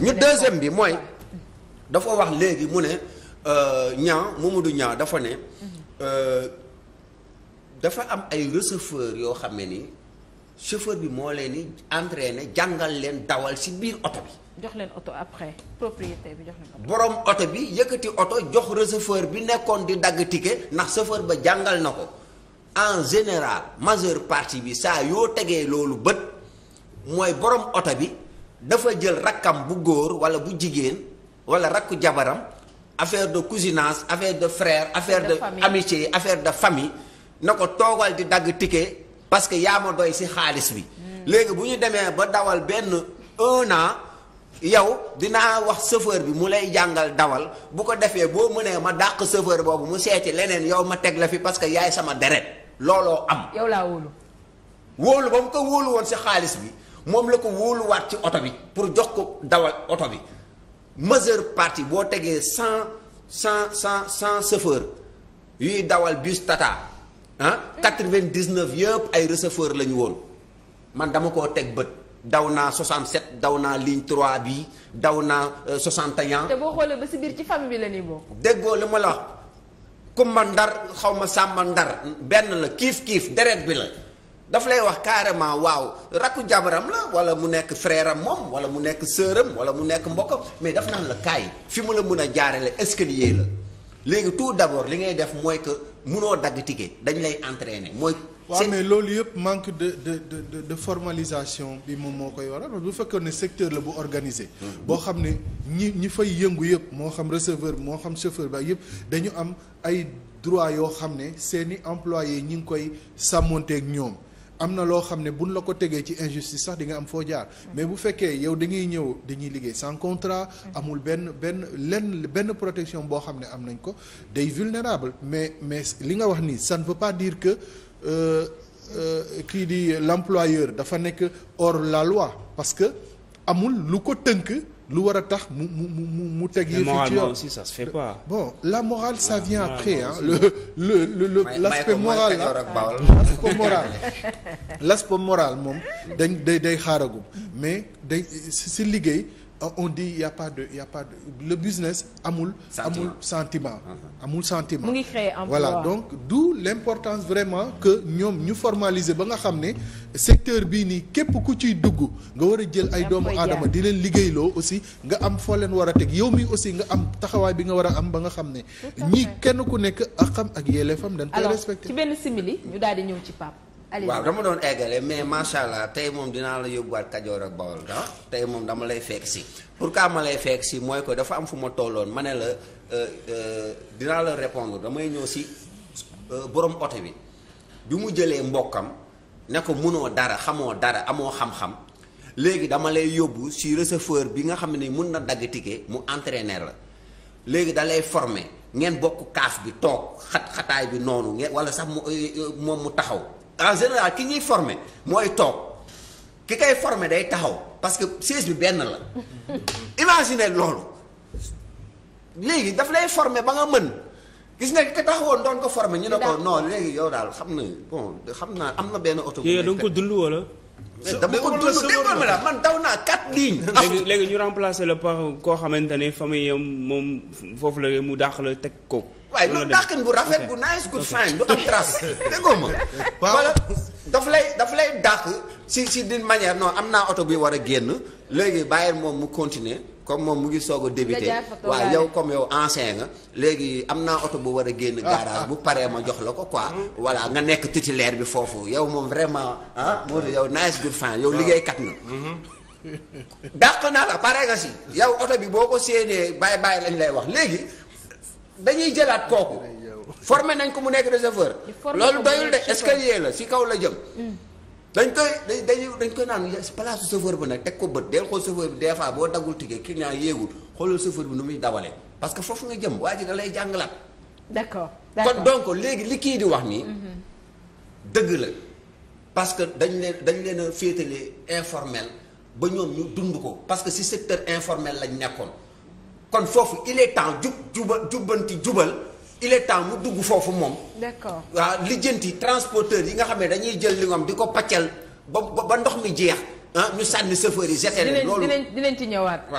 ñu deuxième bi mooy dafa wax léegi mu ne ñaa euh, Mamadou ñaa dafa ne mhm. euh, dafa am ay receveur yoo xam ne ni chauffeur bi moo leen di entraîné jàngal leen dawal ci biir oto bi. jox leen oto après propriété bi jox leen oto. borom oto bi yëkkati oto jox receveur bi nekkoon di dagg ticket ndax chauffeur ba jàngal na ko en général majeure partie bi saa yoo tegee loolu bët mooy borom oto bi. dafa jël rakkam bu góor wala bu jigéen wala rakku jabaram affaire de cousinage affaire de frère affaire de amitié affaire de famille na ko toogal di dagg ticket parce que yaa ma doy si xaalis bi hmm. léegi bu ñu demee ba dawal benn un an yow dinaa wax chauffeur bi mu lay jàngal dawal bu ko defee boo mënee ma dàq chauffeur boobu mu seeti leneen yow ma teg la fi parce que yaay sama deret looloo am yow laa wóolu wóolu ba mu ko wóolu woon si xaalis bi moom la ko wóoluwaat ci oto bi pour jox ko dawal oto bi mesure partie boo tegee cent cent cent cent chauffeur yuy dawal bus tata ah quatre-vingt-dix-neuf yëpp ay receveur la ñu woon man dama koo teg bët daw naa 67 daw naa ligne 3 bii daw naa 61. Euh, te boo xoolee ba si biir ci famille bi la nii bokk. déggoo li ma la wax kumba ndar xaw ma sàmba ndar benn la kiif kiif deret bi la. dafa lay wax carrément waaw rakku jabaram la wala mu nekk frère am moom wala mu nekk sœur am wala mu nekk mbokk mais daf naan la kaay fi mu la mën a jaarale escalier la léegi tout d'abord li ngay def mooy que munoo dagg ticket dañ lay entraîner mooy. wax mais loolu yëpp manque de de de de formalisation bi moom moo koy waral bu fekkoon ne secteur la bu organisé. Mmh. boo xam ne ñi ñi fay yëngu yëpp moo xam receveur moo xam chauffeur ba yëpp dañu am ay droit yoo xam ne seeni employé ñi ngi koy sàmmonteeg ñoom. am na loo xam ne buñ la ko tegee ci injustice sax di nga am foo jaar mais bu fekkee yow dañuy ñëw dañuy liggéey sans contrat amul benn benn lenn benn protection boo xam ne am nañ ko day vulnérable mais mais li nga wax nii ça ne veut pas dire que euh, euh kii euh, di l'employeur dafa nekk hors la loi parce que amul lu ko tënk lu war a tax mu mu mu mu teg yëf yi la morale ça ah, vient après le le le le l'aspect moral l'aspect moral l'aspect moral moom dañ day day xaaragum mais day si liggéey. Euh, on dit il y a y a le business amul. amul sentiment uh-huh. amul sentiment. mu ngi créer emploi voilà donc d'où l'importance vraiment que ñoom ñu formaliser ba nga xam ne secteur bii nii képp ku ciy dugg nga war a jël ay doomu aadama di leen liggéeyloo aussi nga am foo leen war a teg yow mi aussi nga am taxawaay bi nga war a am ba nga xam ne. ñii kenn ku nekk ak xam ak yelleefam dañ koy respecté. ci benn simili ñu daal di ñëw ci Pape. waaw dama doon eggale mais macha allah tey moom dinaa la yóbbuwaat Kajoor ak Bawol ah tey moom dama lay fekk si pour pourquoi ma lay fekk si mooy ko dafa am fu ma tolloon ma ne la euh, euh, dinaa la répondre damay ñëw si euh, borom oto bi bi mu jëlee mbokkam ne ko munoo dara xamoo dara amoo xam-xam léegi dama lay yóbbu si receveur bi nga xam ne mun na dagg ticket mu entraîner la léegi da lay former ngeen bokk kaaf bi toog xat xataay bi noonu ngeen wala sax moom mu taxaw. en général ki ñuy former mooy toog ki kay former day taxaw parce que siège bi benn la imaginez loolu léegi daf lay forme ba nga mën gis nga ka taxawoon doon ko former ñu ne ko non léegi yow daal xam na bon xam naa am na benn oto. yooyu da nga ko dund wala. Eh, dama ko dund man daw naa quatre lignes. léegi léegi ñu remplacer la par koo xamante ne famille am moom foofu la mu dàq la teg ko. waaye loolu dàqin bu rafet bu nice good fine du am trace déggoo ma wala daf lay daf lay dàq si si d'une manière non am naa oto bi war a génn léegi bàyyil moom mu continuer comme moom mu ngi soog a débuté waaw yow comme yow ancien nga léegi am naa oto bu war a génn garage bu paree ma jox la ko quoi mm-hmm. voilà nga nekk titulaire bi foofu yow moom vraiment ah moo yow nice good fine yow liggéeykat na mm-hmm. dàq na la pare nga si yow oto bi boo ko séenee bàyyi lañ lay wax léegi dañuy jëlaat kooku formé nañ ko mu nekk receveur loolu doyul de escalier la si kaw la jëm mm. dañ koy dañuy dañ koy naan place chauffeur bu nag teg ko bët del xool chauffeur bi des fois boo daggul ticket client yéegul xoolal chauffeur bi nu muy dawalee parce que foofu nga jëm waa ji da lay jàngalaat d'accord kon donc léegi li kii di wax nii mm-hmm. dëgg la parce que dañ leen dañ leen a féetale informel ba ñoom ñu dund ko parce que si secteur informel lañ nekkoon kon foofu il est temps jub juba jubbanti jubal il est temps mu dugg foofu moom. d'accord waaw lijjanti transporteur yi nga xam ne dañuy jël li moom di ko paccal ba ba ndox mi jeex ah ñu sànni chauffeur yi. jeexalee loolu dinañ dinañ ci ñëwaat.